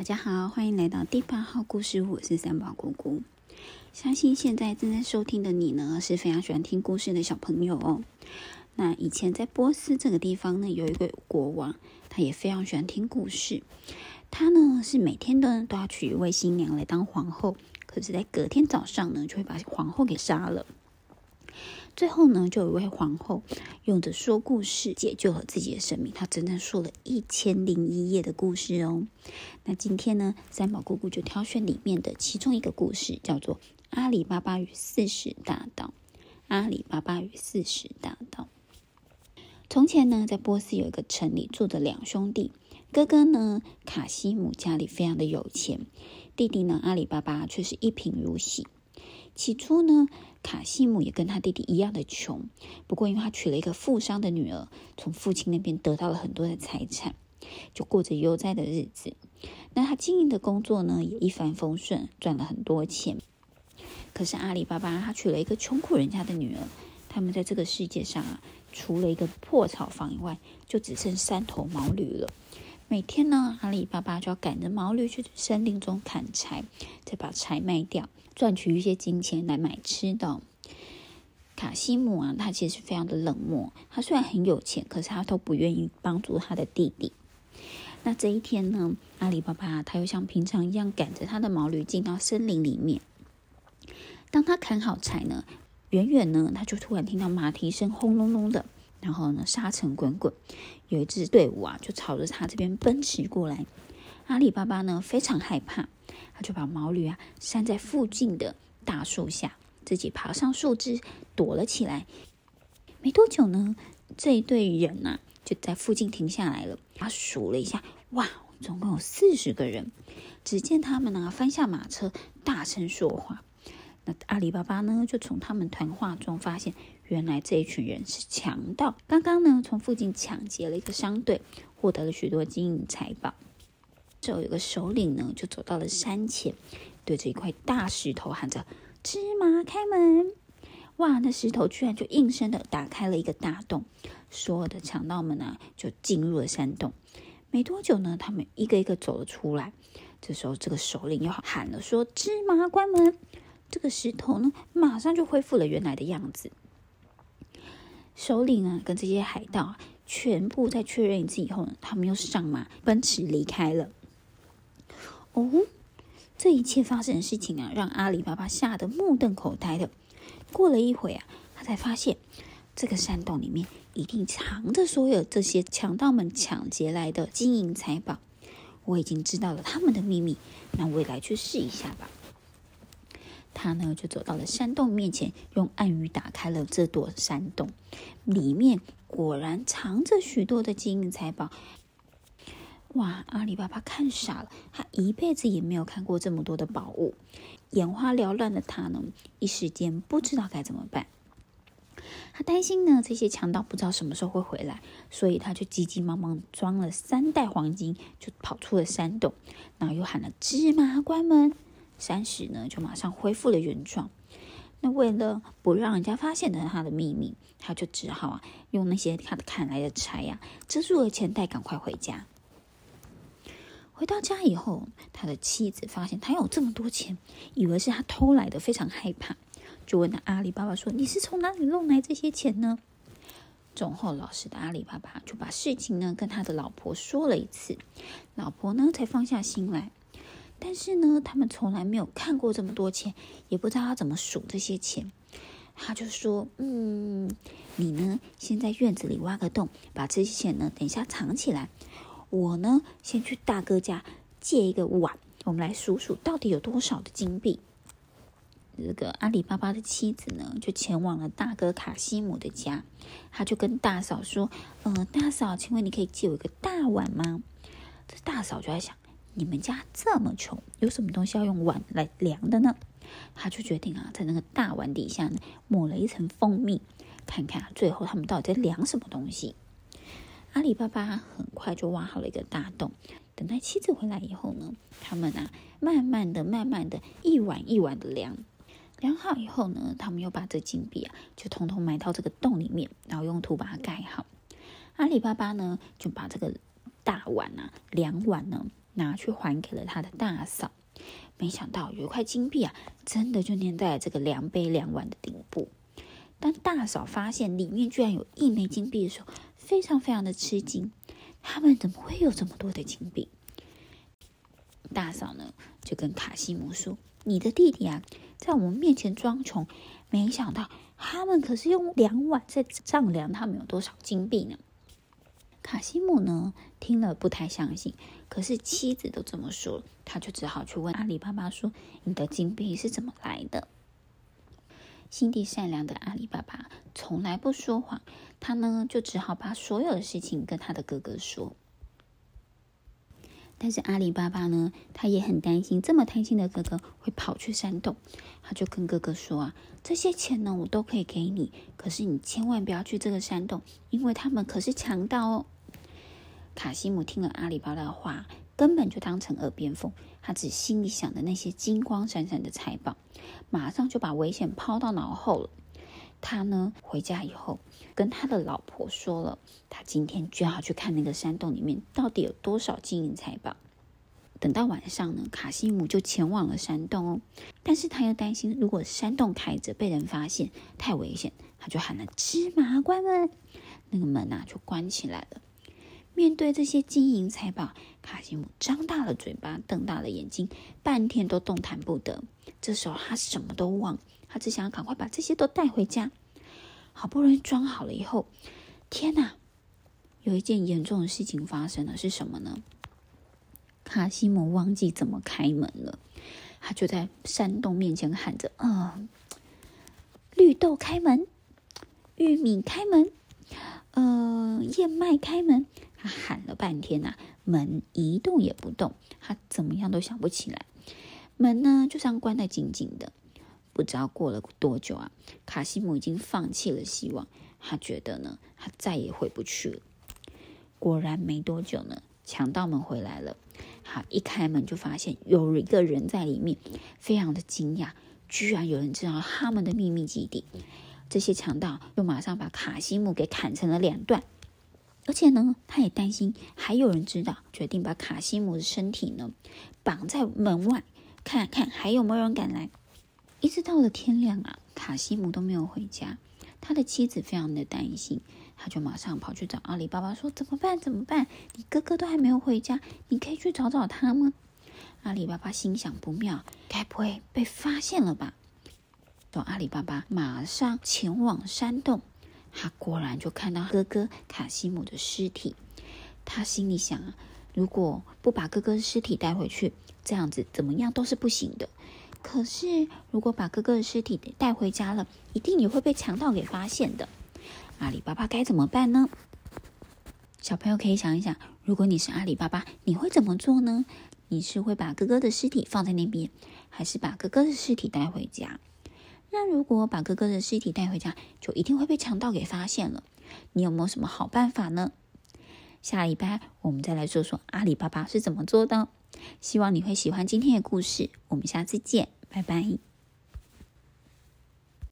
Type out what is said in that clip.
大家好，歡迎來到第八號故事屋，我是三寶姑姑。相信現在正在收聽的你呢，是非常喜歡聽故事的小朋友哦。那以前在波斯這個地方呢，有一個有國王，他也非常喜歡聽故事。他呢是每天都都要娶一位新娘來當皇後，可是，在隔天早上呢，就會把皇后給殺了。最後呢，就有一位皇后用着說故事解救了自己的生命，她整整說了一千零一夜的故事哦。那今天呢，三寶姑姑就挑選裡面的其中一個故事，叫做《阿里巴巴與四十大盜》。《阿里巴巴與四十大盜》。從前呢，在波斯有一個城裡住着兩兄弟，哥哥呢卡西姆家裡非常的有錢，弟弟呢阿里巴巴卻是一貧如洗。起初呢。卡西姆也跟他弟弟一樣的窮，不過因為他娶了一個富商的女兒，從父親那邊得到了很多的財產，就過着悠哉的日子。那他經營的工作呢，也一帆風順，賺了很多錢。可是阿里巴巴，他娶了一個窮苦人家的女兒，他們在這個世界上啊，除了一個破草房以外，就只剩三頭毛驢了。每天呢，阿里巴巴就要趕着毛驢去森林中砍柴，再把柴賣掉，賺取一些金錢來買吃的哦。卡西姆啊，他其實非常的冷漠，他雖然很有錢，可是他都不願意幫助他的弟弟。那這一天呢，阿里巴巴他又像平常一樣趕着他的毛驢進到森林裡面。當他砍好柴呢，遠遠呢他就突然聽到馬蹄聲轟隆隆的，然後呢沙塵滾滾。有一支隊伍啊，就朝着他這邊奔馳過來。阿里巴巴呢，非常害怕，他就把毛驢啊拴在附近的大樹下，自己爬上樹枝躲了起來。沒多久呢，這一隊人吶啊，就在附近停下來了。他數了一下，哇，總共有四十個人。只見他們呢翻下馬車，大聲說話。阿里巴巴呢，就從他們談話中發現，原來這一群人是強盜。剛剛呢，從附近搶劫了一個商隊，獲得了許多金銀財寶。這有個首領呢，就走到了山前，對着一塊大石頭喊着：“芝麻開門！”哇，那石頭居然就應聲的打開了一個大洞，所有的強盜們呢，就進入了山洞。沒多久呢，他們一個一個走了出來。這時候，這個首領又喊了說：“芝麻關門。”這個石頭呢，馬上就恢復了原來的樣子。首領啊，跟這些海盜啊，全部再確認一次以後呢，他們又上馬奔馳離開了。哦，這一切發生的事情啊，讓阿里巴巴嚇得目瞪口呆的。過了一會啊，他才發現這個山洞裡面一定藏着所有這些強盜們搶劫來的金銀財寶。我已經知道了他們的秘密，那我也來去試一下吧。他呢，就走到了山洞面前，用暗語打開了這朵山洞，裡面果然藏着許多的金銀財寶。哇！阿里巴巴看傻了，他一輩子也沒有看過這麼多的寶物，眼花繚亂的他呢，一時間不知道該怎麼辦。他擔心呢，這些強盜不知道什麼時候會回來，所以他就急急忙忙裝了三袋黃金，就跑出了山洞，然後又喊了芝麻關門。三十呢，就馬上恢復了原狀。那為了不讓人家發現他的秘密，他就只好啊，用那些他砍來的柴呀、啊，遮住了錢袋，趕快回家。回到家以後，他的妻子發現他有這麼多錢，以為是他偷來的，非常害怕，就問他阿里巴巴說：“你是從哪裡弄來這些錢呢？”忠厚老實的阿里巴巴就把事情呢跟他的老婆說了一次，老婆呢才放下心來。但是呢，他們從來沒有看過這麼多錢，也不知道要怎麼數這些錢。他就說：“嗯，你呢，先在院子裡挖個洞，把這些錢呢，等一下藏起來。我呢，先去大哥家借一個碗，我們來數數到底有多少的金幣。”這個阿里巴巴的妻子呢，就前往了大哥卡西姆的家，他就跟大嫂說：“嗯、呃，大嫂，請問你可以借我一個大碗嗎？”這大嫂就在想。你們家這麼窮，有什麼東西要用碗來量的呢？他就決定啊，在那個大碗底下抹了一層蜂蜜，看看、啊、最後他們到底在量什麼東西。阿里巴巴很快就挖好了一個大洞，等待妻子回來以後呢，他們啊慢慢的、慢慢的，一碗一碗的量。量好以後呢，他們又把這金幣啊就通通埋到這個洞裡面，然後用土把它蓋好。阿里巴巴呢就把這個大碗啊，兩碗呢，拿去還給了他的大嫂，沒想到有一塊金幣啊，真的就粘了在這個量杯量碗的頂部。當大嫂發現裡面居然有一枚金幣的時候，非常非常的吃驚。他們怎麼會有這麼多的金幣？大嫂呢就跟卡西姆說：“你的弟弟啊，在我們面前裝窮，沒想到他們可是用量碗在丈量他們有多少金幣呢。”卡西姆呢聽了不太相信。可是妻子都這麼說，他就只好去問阿里巴巴說：“你的金幣是怎麼來的？”心地善良的阿里巴巴從來不說謊，他呢就只好把所有的事情跟他的哥哥說。但是阿里巴巴呢，他也很擔心這麼貪心的哥哥會跑去山洞，他就跟哥哥說：“啊，這些錢呢我都可以給你，可是你千萬不要去這個山洞，因為他們可是強盜哦。”卡西姆聽了阿里巴巴的話，根本就當成耳邊風。他只心裡想的那些金光閃閃的財寶，馬上就把危險拋到腦後了。他呢，回家以後跟他的老婆說了，他今天就要去看那個山洞裡面到底有多少金銀財寶。等到晚上呢，卡西姆就前往了山洞哦。但是他又擔心，如果山洞開着被人發現，太危險，他就喊了芝麻關門，那個門吶，啊，就關起來了。面對這些金銀財寶，卡西姆張大了嘴巴，瞪大了眼睛，半天都動彈不得。這時候他什麼都忘，他只想要趕快把這些都帶回家。好不容易裝好了以後，天哪！有一件嚴重的事情發生了，是什麼呢？卡西姆忘記怎麼開門了，他就在山洞面前喊着：“啊、呃，綠豆開門，玉米開門，嗯、呃，燕麥開門。”他喊了半天吶、啊，門一動也不動，他怎麼樣都想不起來，門呢就這樣關得緊緊的。不知道過了多久啊，卡西姆已經放棄了希望，他覺得呢，他再也回不去了。果然沒多久呢，強盜們回來了，好，一開門就發現有一個人在裡面，非常的驚訝，居然有人知道他們的秘密基地。這些強盜又馬上把卡西姆給砍成了兩段。而且呢，他也擔心還有人知道，決定把卡西姆的身體呢綁在門外，看看還有沒有人敢來。一直到了天亮啊，卡西姆都沒有回家，他的妻子非常的擔心，他就馬上跑去找阿里巴巴說：“怎麼辦？怎麼辦？你哥哥都還沒有回家，你可以去找找他嗎？”阿里巴巴心想不妙，該不會被發現了吧？所以阿里巴巴馬上前往山洞。他果然就看到哥哥卡西姆的屍體，他心裡想啊，如果不把哥哥的屍體帶回去，這樣子怎麼樣都是不行的。可是，如果把哥哥的屍體帶回家了，一定也會被強盜給發現的。阿里巴巴該怎麼辦呢？小朋友可以想一想，如果你是阿里巴巴，你會怎麼做呢？你是會把哥哥的屍體放在那邊，還是把哥哥的屍體帶回家？那如果把哥哥的屍體帶回家，就一定會被強盜給發現了。你有沒有什麼好辦法呢？下禮拜我們再來說說阿里巴巴是怎麼做的。希望你會喜歡今天的故事，我們下次見，拜拜。